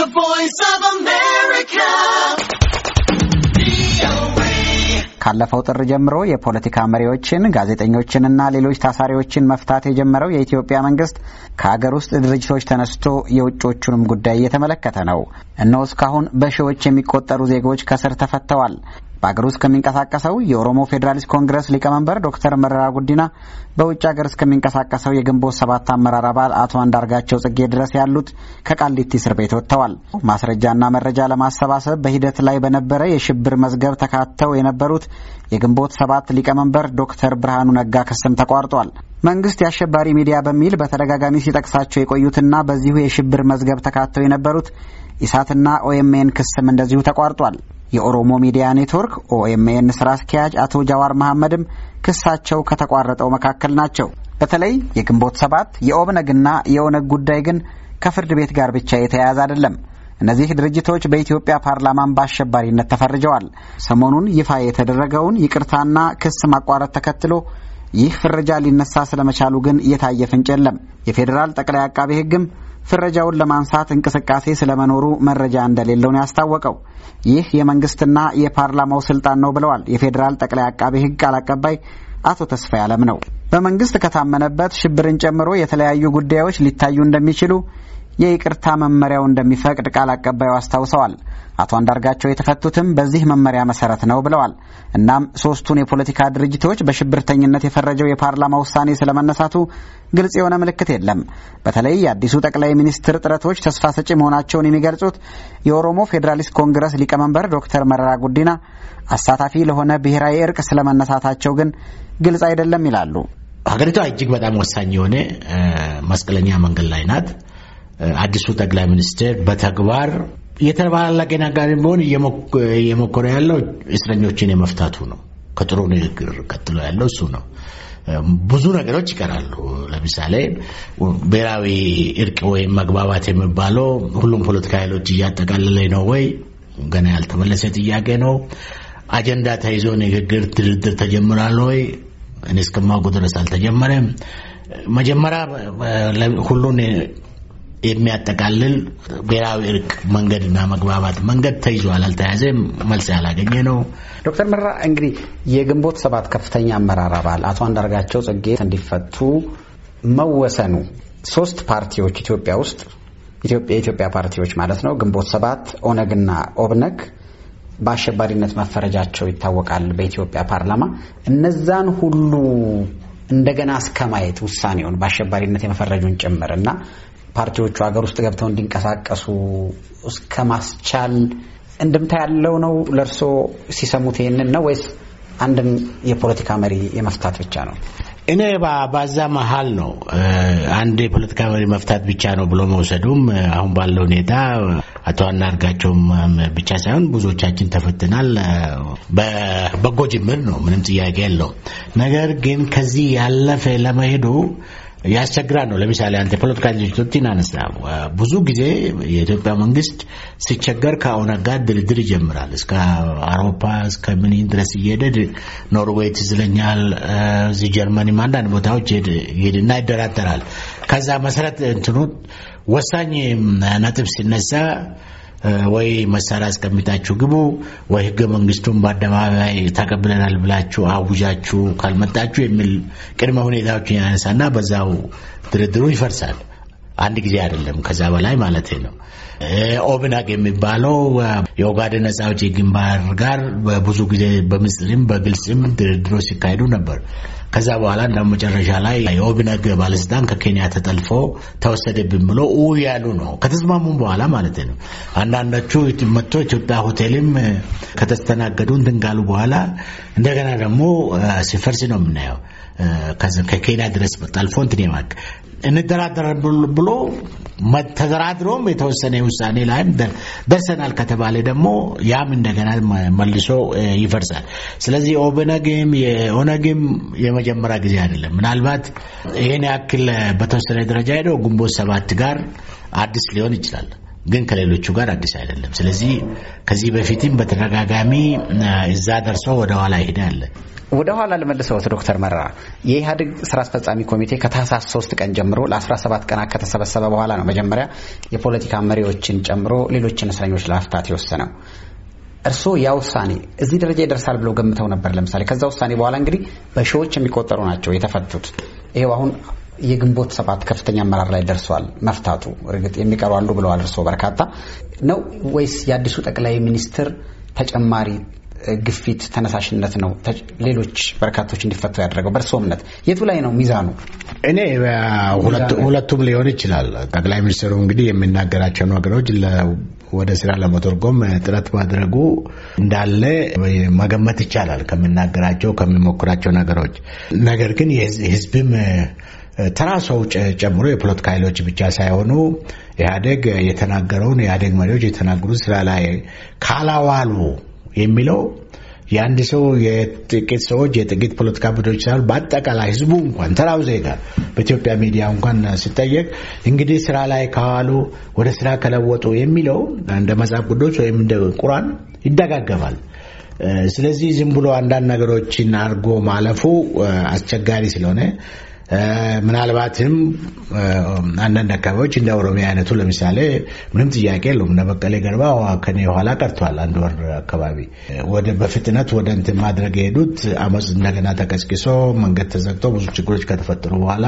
The Voice of America. ካለፈው ጥር ጀምሮ የፖለቲካ መሪዎችን ጋዜጠኞችንና ሌሎች ታሳሪዎችን መፍታት የጀመረው የኢትዮጵያ መንግስት ከሀገር ውስጥ ድርጅቶች ተነስቶ የውጮቹንም ጉዳይ እየተመለከተ ነው። እነሆ እስካሁን በሺዎች የሚቆጠሩ ዜጎች ከስር ተፈተዋል። በአገር ውስጥ ከሚንቀሳቀሰው የኦሮሞ ፌዴራሊስት ኮንግረስ ሊቀመንበር ዶክተር መረራ ጉዲና በውጭ ሀገር ከሚንቀሳቀሰው የግንቦት ሰባት አመራር አባል አቶ አንዳርጋቸው ጽጌ ድረስ ያሉት ከቃሊቲ እስር ቤት ወጥተዋል። ማስረጃና መረጃ ለማሰባሰብ በሂደት ላይ በነበረ የሽብር መዝገብ ተካተው የነበሩት የግንቦት ሰባት ሊቀመንበር ዶክተር ብርሃኑ ነጋ ክስም ተቋርጧል። መንግስት የአሸባሪ ሚዲያ በሚል በተደጋጋሚ ሲጠቅሳቸው የቆዩትና በዚሁ የሽብር መዝገብ ተካተው የነበሩት ኢሳትና ኦኤምኤን ክስም እንደዚሁ ተቋርጧል። የኦሮሞ ሚዲያ ኔትወርክ ኦኤምኤን ስራ አስኪያጅ አቶ ጃዋር መሐመድም ክሳቸው ከተቋረጠው መካከል ናቸው። በተለይ የግንቦት ሰባት የኦብነግና የኦነግ ጉዳይ ግን ከፍርድ ቤት ጋር ብቻ የተያያዘ አይደለም። እነዚህ ድርጅቶች በኢትዮጵያ ፓርላማን በአሸባሪነት ተፈርጀዋል። ሰሞኑን ይፋ የተደረገውን ይቅርታና ክስ ማቋረጥ ተከትሎ ይህ ፍረጃ ሊነሳ ስለመቻሉ ግን የታየ ፍንጭ የለም። የፌዴራል ጠቅላይ አቃቤ ሕግም ፍረጃውን ለማንሳት እንቅስቃሴ ስለመኖሩ መረጃ እንደሌለው ነው ያስታወቀው። ይህ የመንግስትና የፓርላማው ስልጣን ነው ብለዋል የፌዴራል ጠቅላይ አቃቤ ሕግ ቃል አቀባይ አቶ ተስፋ ያለም ነው። በመንግስት ከታመነበት ሽብርን ጨምሮ የተለያዩ ጉዳዮች ሊታዩ እንደሚችሉ የይቅርታ መመሪያው እንደሚፈቅድ ቃል አቀባዩ አስታውሰዋል። አቶ አንዳርጋቸው የተፈቱትም በዚህ መመሪያ መሰረት ነው ብለዋል። እናም ሶስቱን የፖለቲካ ድርጅቶች በሽብርተኝነት የፈረጀው የፓርላማ ውሳኔ ስለመነሳቱ ግልጽ የሆነ ምልክት የለም። በተለይ የአዲሱ ጠቅላይ ሚኒስትር ጥረቶች ተስፋ ሰጪ መሆናቸውን የሚገልጹት የኦሮሞ ፌዴራሊስት ኮንግረስ ሊቀመንበር ዶክተር መረራ ጉዲና አሳታፊ ለሆነ ብሔራዊ እርቅ ስለመነሳታቸው ግን ግልጽ አይደለም ይላሉ። ሀገሪቷ እጅግ በጣም ወሳኝ የሆነ መስቀለኛ መንገድ ላይ ናት። አዲሱ ጠቅላይ ሚኒስትር በተግባር የተባላላቅ ነጋሪ ቢሆን እየሞከረ ያለው እስረኞችን የመፍታቱ ነው። ከጥሩ ንግግር ቀጥሎ ያለው እሱ ነው። ብዙ ነገሮች ይቀራሉ። ለምሳሌ ብሔራዊ እርቅ ወይም መግባባት የሚባለው ሁሉም ፖለቲካ ኃይሎች እያጠቃለለ ነው ወይ? ገና ያልተመለሰ ጥያቄ ነው። አጀንዳ ተይዞ ንግግር፣ ድርድር ተጀምራል ወይ? እኔ እስከማውቁ ድረስ አልተጀመረም። መጀመሪያ ሁሉን የሚያጠቃልል ብሔራዊ እርቅ መንገድና መግባባት መንገድ ተይዟል፣ አልተያዘም፣ መልስ ያላገኘ ነው። ዶክተር መረራ እንግዲህ የግንቦት ሰባት ከፍተኛ አመራር አባል አቶ አንዳርጋቸው ጽጌ እንዲፈቱ መወሰኑ ሶስት ፓርቲዎች ኢትዮጵያ ውስጥ የኢትዮጵያ ፓርቲዎች ማለት ነው ግንቦት ሰባት ኦነግና ኦብነግ በአሸባሪነት መፈረጃቸው ይታወቃል በኢትዮጵያ ፓርላማ እነዛን ሁሉ እንደገና እስከ ማየት ውሳኔውን በአሸባሪነት የመፈረጁን ጭምር እና ፓርቲዎቹ ሀገር ውስጥ ገብተው እንዲንቀሳቀሱ እስከ ማስቻል እንድምታ ያለው ነው። ለእርስዎ ሲሰሙት ይህንን ነው ወይስ አንድን የፖለቲካ መሪ የመፍታት ብቻ ነው? እኔ በዛ መሀል ነው። አንድ የፖለቲካ መሪ መፍታት ብቻ ነው ብሎ መውሰዱም አሁን ባለው ሁኔታ አቶ አንዳርጋቸውም ብቻ ሳይሆን ብዙዎቻችን ተፈትናል። በበጎ ጅምር ነው፣ ምንም ጥያቄ የለውም። ነገር ግን ከዚህ ያለፈ ለመሄዱ ያስቸግራል ነው። ለምሳሌ አንተ ፖለቲካ ድርጅቶችን አነሳ። ብዙ ጊዜ የኢትዮጵያ መንግስት ሲቸገር ከኦነግ ጋር ድርድር ይጀምራል። እስከ አውሮፓ እስከ ምን ድረስ እየሄደ ኖርዌይ ትዝለኛል፣ እዚህ ጀርመኒም አንዳንድ ቦታዎች ይሄድና ይደራደራል። ከዛ መሰረት እንትኑ ወሳኝ ነጥብ ሲነሳ ወይ መሳሪያ አስቀምጣችሁ ግቡ፣ ወይ ህገ መንግስቱን በአደባባይ ተቀብለናል ብላችሁ አውጃችሁ ካልመጣችሁ የሚል ቅድመ ሁኔታዎችን ያነሳና በዛው ድርድሩ ይፈርሳል። አንድ ጊዜ አይደለም፣ ከዛ በላይ ማለት ነው። ኦብነግ የሚባለው የኦጋዴን ነጻ አውጪ ግንባር ጋር በብዙ ጊዜ በምስልም በግልጽም ድርድሮች ሲካሄዱ ነበር። ከዛ በኋላ እንዳውም መጨረሻ ላይ የኦብነግ ባለስልጣን ከኬንያ ተጠልፎ ተወሰደብን ብሎ ውይ ያሉ ነው። ከተስማሙ በኋላ ማለት ነው። አንዳንዶቹ መጥቶ ኢትዮጵያ ሆቴልም ከተስተናገዱ እንትን ካሉ በኋላ እንደገና ደግሞ ሲፈርስ ነው የምናየው። ከኬንያ ድረስ ጠልፎ እንትን እንደራደር ብሎ ተደራድሮም የተወሰነ ውሳኔ ላይ ደርሰናል ከተባለ ደግሞ ያም እንደገና መልሶ ይፈርሳል። ስለዚህ ኦብነግም የኦነግም የመጀመሪያ ጊዜ አይደለም። ምናልባት ይህን ያክል በተወሰነ ደረጃ ሄደው ግንቦት ሰባት ጋር አዲስ ሊሆን ይችላል ግን ከሌሎቹ ጋር አዲስ አይደለም። ስለዚህ ከዚህ በፊትም በተደጋጋሚ እዛ ደርሶ ወደኋላ ይሄዳል። ወደ ኋላ ልመልሰዎት ዶክተር መረራ የኢህአዴግ ስራ አስፈጻሚ ኮሚቴ ከታህሳስ ሶስት ቀን ጀምሮ ለ17 ቀናት ከተሰበሰበ በኋላ ነው መጀመሪያ የፖለቲካ መሪዎችን ጨምሮ ሌሎችን እስረኞች ለመፍታት የወሰነው። እርስዎ ያ ውሳኔ እዚህ ደረጃ ይደርሳል ብለው ገምተው ነበር? ለምሳሌ ከዛ ውሳኔ በኋላ እንግዲህ በሺዎች የሚቆጠሩ ናቸው የተፈቱት። ይሄው አሁን የግንቦት ሰባት ከፍተኛ አመራር ላይ ደርሷል መፍታቱ። እርግጥ የሚቀሩ አሉ ብለዋል እርስዎ። በርካታ ነው ወይስ የአዲሱ ጠቅላይ ሚኒስትር ተጨማሪ ግፊት፣ ተነሳሽነት ነው ሌሎች በርካቶች እንዲፈቱ ያደረገው? በእርስዎ እምነት የቱ ላይ ነው ሚዛኑ? እኔ ሁለቱም ሊሆን ይችላል። ጠቅላይ ሚኒስትሩ እንግዲህ የሚናገራቸውን ነገሮች ወደ ስራ ለመተርጎም ጥረት ማድረጉ እንዳለ መገመት ይቻላል ከሚናገራቸው ከሚሞክራቸው ነገሮች። ነገር ግን የህዝብም ተራ ሰው ጨምሮ የፖለቲካ ኃይሎች ብቻ ሳይሆኑ ኢህአዴግ የተናገረውን ኢህአዴግ መሪዎች የተናገሩት ስራ ላይ ካላዋሉ የሚለው የአንድ ሰው የጥቂት ሰዎች የጥቂት ፖለቲካ ቡድኖች ሳይሆን በአጠቃላይ ህዝቡ እንኳን ተራው ዜጋ በኢትዮጵያ ሚዲያ እንኳን ሲጠየቅ እንግዲህ ስራ ላይ ከዋሉ ወደ ስራ ከለወጡ የሚለው እንደ መጽሐፍ ቅዱስ ወይም እንደ ቁራን ይደጋገማል። ስለዚህ ዝም ብሎ አንዳንድ ነገሮችን አድርጎ ማለፉ አስቸጋሪ ስለሆነ ምናልባትም አንዳንድ አካባቢዎች እንደ ኦሮሚያ አይነቱ ለምሳሌ ምንም ጥያቄ የለውም። እነ በቀለ ገርባ ከኔ ኋላ ቀርቷል። አንድ ወር አካባቢ በፍጥነት ወደ እንትን ማድረግ የሄዱት አመፅ እንደገና ተቀስቅሶ መንገድ ተዘግቶ ብዙ ችግሮች ከተፈጠሩ በኋላ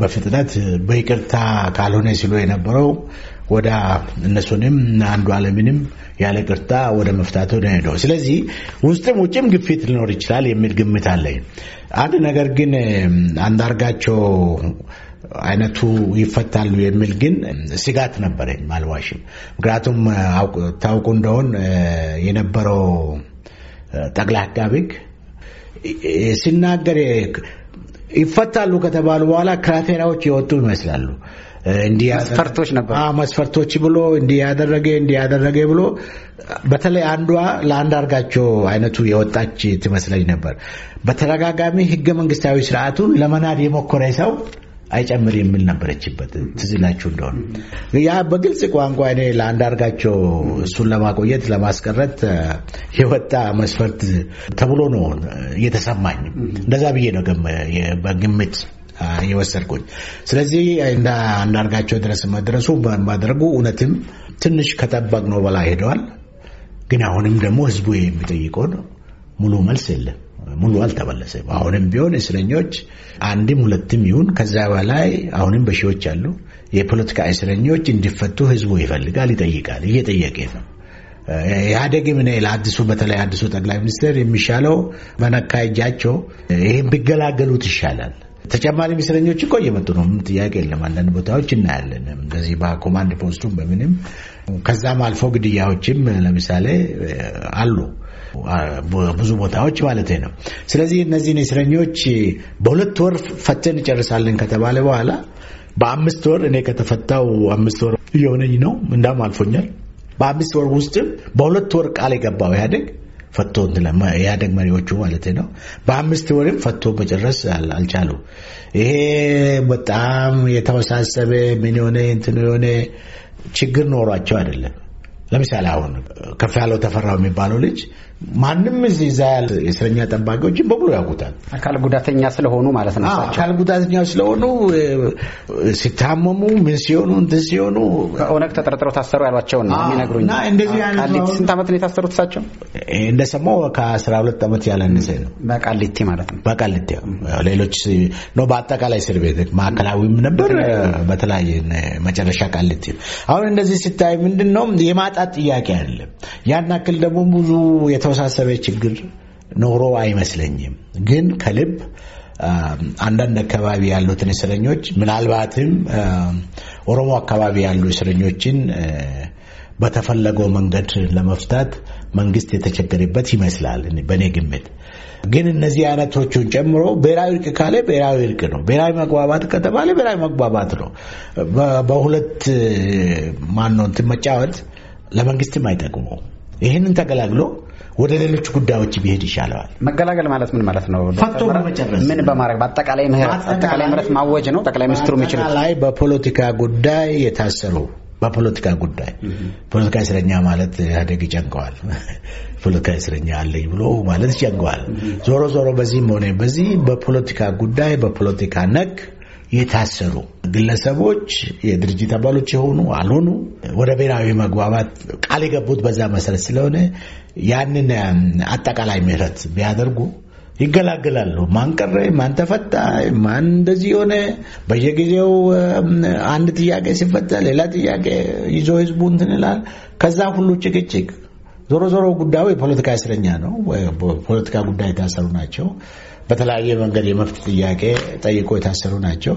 በፍጥነት በይቅርታ ካልሆነ ሲሉ የነበረው ወደ እነሱንም አንዱ አለምንም ያለ ቅርታ ወደ መፍታት ነው ሄደው። ስለዚህ ውስጥም ውጭም ግፊት ሊኖር ይችላል የሚል ግምት አለኝ። አንድ ነገር ግን አንዳርጋቸው አይነቱ ይፈታሉ የሚል ግን ስጋት ነበረኝ፣ አልዋሽም። ምክንያቱም ታውቁ እንደሆን የነበረው ጠቅላይ አቃቤ ሕግ ሲናገር ይፈታሉ ከተባሉ በኋላ ክራቴሪያዎች የወጡ ይመስላሉ። መስፈርቶች ነበር። መስፈርቶች ብሎ እንዲህ ያደረገ እንዲህ ያደረገ ብሎ በተለይ አንዷ ለአንድ አርጋቸው አይነቱ የወጣች ትመስለኝ ነበር። በተደጋጋሚ ህገ መንግስታዊ ስርዓቱን ለመናድ የሞከረ ሰው አይጨምር የሚል ነበረችበት። ትዝላችሁ እንደሆነ ያ በግልጽ ቋንቋ እኔ ለአንዳርጋቸው እሱን ለማቆየት ለማስቀረት የወጣ መስፈርት ተብሎ ነው እየተሰማኝ። እንደዛ ብዬ ነው በግምት የወሰድኩኝ። ስለዚህ እንደ አንዳርጋቸው ድረስ መድረሱ ማድረጉ እውነትም ትንሽ ነው በላይ ሄደዋል። ግን አሁንም ደግሞ ህዝቡ የሚጠይቀውን ሙሉ መልስ የለም። ሙሉ አልተመለሰም። አሁንም ቢሆን እስረኞች አንድም ሁለትም ይሁን ከዛ በላይ አሁንም በሺዎች አሉ። የፖለቲካ እስረኞች እንዲፈቱ ህዝቡ ይፈልጋል፣ ይጠይቃል፣ እየጠየቀ ነው። ኢህአዴግም እኔ ለአዲሱ በተለይ አዲሱ ጠቅላይ ሚኒስትር የሚሻለው በነካ እጃቸው ይህም ቢገላገሉት ይሻላል። ተጨማሪ ሚስለኞች እኮ እየመጡ ነው። ምን ጥያቄ የለም። አንዳንድ ቦታዎች እናያለን እንደዚህ በኮማንድ ፖስቱም በምንም ከዛም አልፎ ግድያዎችም ለምሳሌ አሉ ብዙ ቦታዎች ማለት ነው። ስለዚህ እነዚህን እስረኞች በሁለት ወር ፈተን እንጨርሳለን ከተባለ በኋላ በአምስት ወር እኔ ከተፈታው አምስት ወር እየሆነኝ ነው። እንዳም አልፎኛል። በአምስት ወር ውስጥም በሁለት ወር ቃል የገባው ኢህአዴግ ፈቶ ኢህአደግ መሪዎቹ ማለት ነው። በአምስት ወርም ፈቶ መጨረስ አልቻሉ። ይሄ በጣም የተወሳሰበ ምን የሆነ እንትን የሆነ ችግር ኖሯቸው አይደለም። ለምሳሌ አሁን ከፍ ያለው ተፈራው የሚባለው ልጅ ማንም እዚህ እዛ ያለ የእስረኛ ጠባቂዎችን በሙሉ ያውቁታል። አካል ጉዳተኛ ስለሆኑ ማለት ነው። አካል ጉዳተኛ ስለሆኑ ሲታመሙ ምን ሲሆኑ እንትን ሲሆኑ ከኦነግ ተጠርጥረው ታሰሩ ያሏቸውን ነው የሚነግሩኝ። እንደዚህ ስንት ዓመት ነው የታሰሩት እሳቸው? እንደሰማሁ ከአስራ ሁለት ዓመት ያላነሰ ነው። በቃሊቲ ማለት ነው። በቃሊቲ ሌሎች ነው። በአጠቃላይ እስር ቤት ማዕከላዊም ነበር፣ በተለያየ መጨረሻ ቃሊቲ። አሁን እንደዚህ ሲታይ ምንድን ነው የማጣት ጥያቄ አይደለም ያን ያክል ደግሞ ብዙ የተወሳሰበ ችግር ኖሮ አይመስለኝም። ግን ከልብ አንዳንድ አካባቢ ያሉትን እስረኞች ምናልባትም ኦሮሞ አካባቢ ያሉ እስረኞችን በተፈለገው መንገድ ለመፍታት መንግስት የተቸገረበት ይመስላል በእኔ ግምት። ግን እነዚህ አይነቶቹን ጨምሮ ብሔራዊ እርቅ ካለ ብሔራዊ እርቅ ነው። ብሔራዊ መግባባት ከተባለ ብሔራዊ መግባባት ነው። በሁለት ማን እንትን መጫወት ለመንግስትም አይጠቅመው። ይህንን ተገላግሎ ወደ ሌሎች ጉዳዮች ቢሄድ ይሻለዋል። መገላገል ማለት ምን ማለት ነው? ፈቶ በመጨረስ ምን በማድረግ በአጠቃላይ ምህረት አጠቃላይ ምህረት ማወጅ ነው ጠቅላይ ሚኒስትሩ የሚችሉት። ላይ በፖለቲካ ጉዳይ የታሰሩ በፖለቲካ ጉዳይ ፖለቲካ እስረኛ ማለት ኢህአዴግ ይጨንቀዋል። ፖለቲካ እስረኛ አለኝ ብሎ ማለት ይጨንቀዋል። ዞሮ ዞሮ በዚህም ሆነ በዚህ በፖለቲካ ጉዳይ በፖለቲካ ነክ የታሰሩ ግለሰቦች የድርጅት አባሎች የሆኑ አልሆኑ ወደ ብሔራዊ መግባባት ቃል የገቡት በዛ መሰረት ስለሆነ ያንን አጠቃላይ ምህረት ቢያደርጉ ይገላገላሉ። ማን ቀረ፣ ማን ተፈታ፣ ማን እንደዚህ የሆነ በየጊዜው አንድ ጥያቄ ሲፈታ ሌላ ጥያቄ ይዞ ህዝቡ እንትን ይላል። ከዛ ሁሉ ጭቅጭቅ ዞሮ ዞሮ ጉዳዩ የፖለቲካ እስረኛ ነው። ፖለቲካ ጉዳይ የታሰሩ ናቸው። በተለያየ መንገድ የመፍት ጥያቄ ጠይቆ የታሰሩ ናቸው።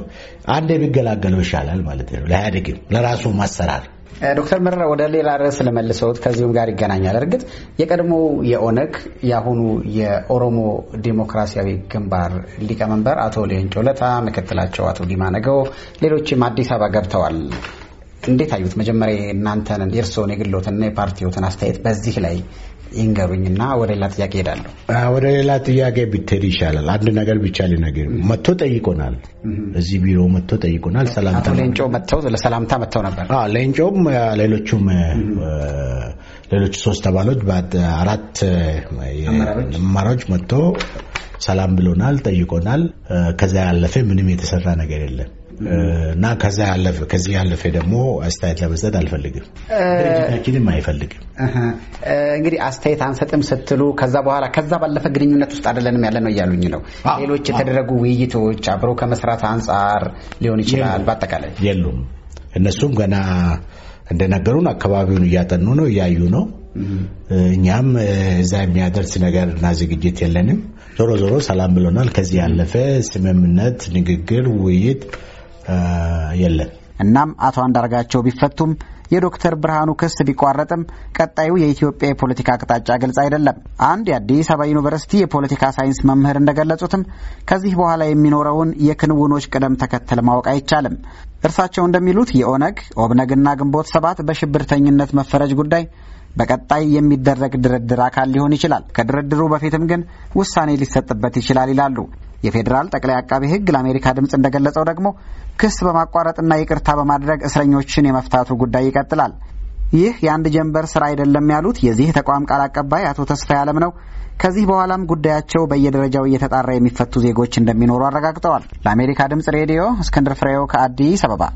አንድ የሚገላገለው ይሻላል ማለት ነው። ለኢህአዴግም ለራሱ ማሰራር ዶክተር መረራ ወደ ሌላ ርዕስ ለመልሰውት ከዚሁም ጋር ይገናኛል። እርግጥ የቀድሞ የኦነግ የአሁኑ የኦሮሞ ዴሞክራሲያዊ ግንባር ሊቀመንበር አቶ ሌንጮ ለታ፣ ምክትላቸው አቶ ዲማ ነገው፣ ሌሎችም አዲስ አበባ ገብተዋል። እንዴት አዩት? መጀመሪያ እናንተን የእርስዎን የግሎትና የፓርቲዎትን አስተያየት በዚህ ላይ ይንገሩኝና ወደ ሌላ ጥያቄ ሄዳለሁ። ወደ ሌላ ጥያቄ ብትሄድ ይሻላል። አንድ ነገር ብቻ ሊነገር መጥቶ ጠይቆናል። እዚህ ቢሮ መጥቶ ጠይቆናል። ሰላምታ ሌንጮ መጥተው ለሰላምታ መጥተው ነበር። ሌንጮም ሌሎቹም ሌሎች ሶስት አባሎች አራት አመራሮች መጥቶ ሰላም ብሎናል፣ ጠይቆናል። ከዛ ያለፈ ምንም የተሰራ ነገር የለም። እና ከዚያ ያለፈ ከዚህ ያለፈ ደግሞ አስተያየት ለመስጠት አልፈልግም፣ ድርጅታችንም አይፈልግም። እንግዲህ አስተያየት አንሰጥም ስትሉ ከዛ በኋላ ከዛ ባለፈ ግንኙነት ውስጥ አይደለንም ያለ ነው እያሉኝ ነው። ሌሎች የተደረጉ ውይይቶች አብሮ ከመስራት አንጻር ሊሆን ይችላል። በአጠቃላይ የሉም። እነሱም ገና እንደነገሩን አካባቢውን እያጠኑ ነው፣ እያዩ ነው። እኛም እዛ የሚያደርስ ነገር እና ዝግጅት የለንም። ዞሮ ዞሮ ሰላም ብሎናል። ከዚህ ያለፈ ስምምነት፣ ንግግር፣ ውይይት የለን። እናም አቶ አንዳርጋቸው ቢፈቱም የዶክተር ብርሃኑ ክስ ቢቋረጥም ቀጣዩ የኢትዮጵያ የፖለቲካ አቅጣጫ ግልጽ አይደለም። አንድ የአዲስ አበባ ዩኒቨርሲቲ የፖለቲካ ሳይንስ መምህር እንደገለጹትም ከዚህ በኋላ የሚኖረውን የክንውኖች ቅደም ተከተል ማወቅ አይቻልም። እርሳቸው እንደሚሉት የኦነግ ኦብነግና ግንቦት ሰባት በሽብርተኝነት መፈረጅ ጉዳይ በቀጣይ የሚደረግ ድርድር አካል ሊሆን ይችላል። ከድርድሩ በፊትም ግን ውሳኔ ሊሰጥበት ይችላል ይላሉ። የፌዴራል ጠቅላይ አቃቤ ሕግ ለአሜሪካ ድምፅ እንደገለጸው ደግሞ ክስ በማቋረጥና ይቅርታ በማድረግ እስረኞችን የመፍታቱ ጉዳይ ይቀጥላል። ይህ የአንድ ጀንበር ስራ አይደለም ያሉት የዚህ ተቋም ቃል አቀባይ አቶ ተስፋ ያለም ነው። ከዚህ በኋላም ጉዳያቸው በየደረጃው እየተጣራ የሚፈቱ ዜጎች እንደሚኖሩ አረጋግጠዋል። ለአሜሪካ ድምፅ ሬዲዮ እስክንድር ፍሬው ከአዲስ አበባ